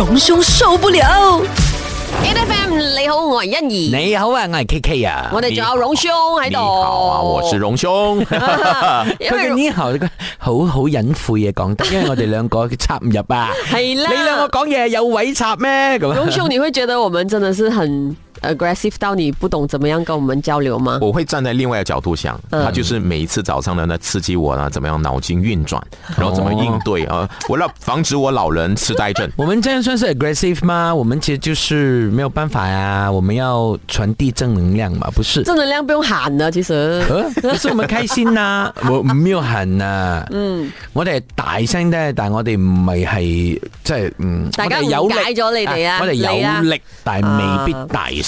榮兄受不了，N F M 你好，我係欣怡。你好啊，我係 K K 啊。我哋仲有榮兄喺度。你好啊，我是榮兄。因為以後呢個好好隱晦嘅講得，因為我哋兩個插唔入啊。係啦，你兩個講嘢有位插咩？榮兄，你會覺得我們真的是很 aggressive 到你不懂怎麼樣跟我們交流嗎？我會站在另外一個角度想，他、嗯、就是每一次早上的那刺激我呢，怎麼樣腦筋運轉，哦、然後怎麼應對啊？我 要防止我老人痴呆症。我們這樣算是 aggressive 嗎？我們其實就是沒有辦法呀、啊。我們要傳遞正能量嘛，不是正能量不用喊的，其實、啊，是我們開心呐、啊， 我沒有喊呐。嗯，我哋大聲的，但我哋唔係係即係嗯，大家誤解咗你哋啊，我哋有力、啊有力啊，但未必大聲。啊啊。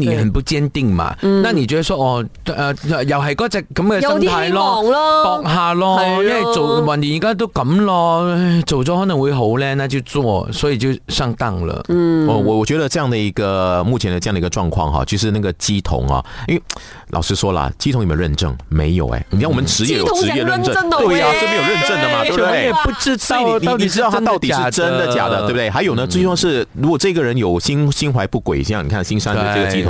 你很不堅定嘛、嗯？那你覺得說哦呃，又係嗰隻咁嘅心態咯，搏下咯，因為、啊、做運營而家都咁咯，做咗可能會好咧，那就做，所以就上當了。我、嗯、我、哦、我覺得這樣的一個目前的這樣的一個狀況哈，就是那個乩童啊，因為老實說啦，乩童有沒有認證？沒有誒、欸，你睇我們職業有職業認證，對呀、啊啊，是沒有認證的嘛，對不對？對對對，也不知道，你，你知道他到底是真的假的，假的對不對？還有呢，最重要是如果這個人有心心懷不軌，像你看新山的這個乩童。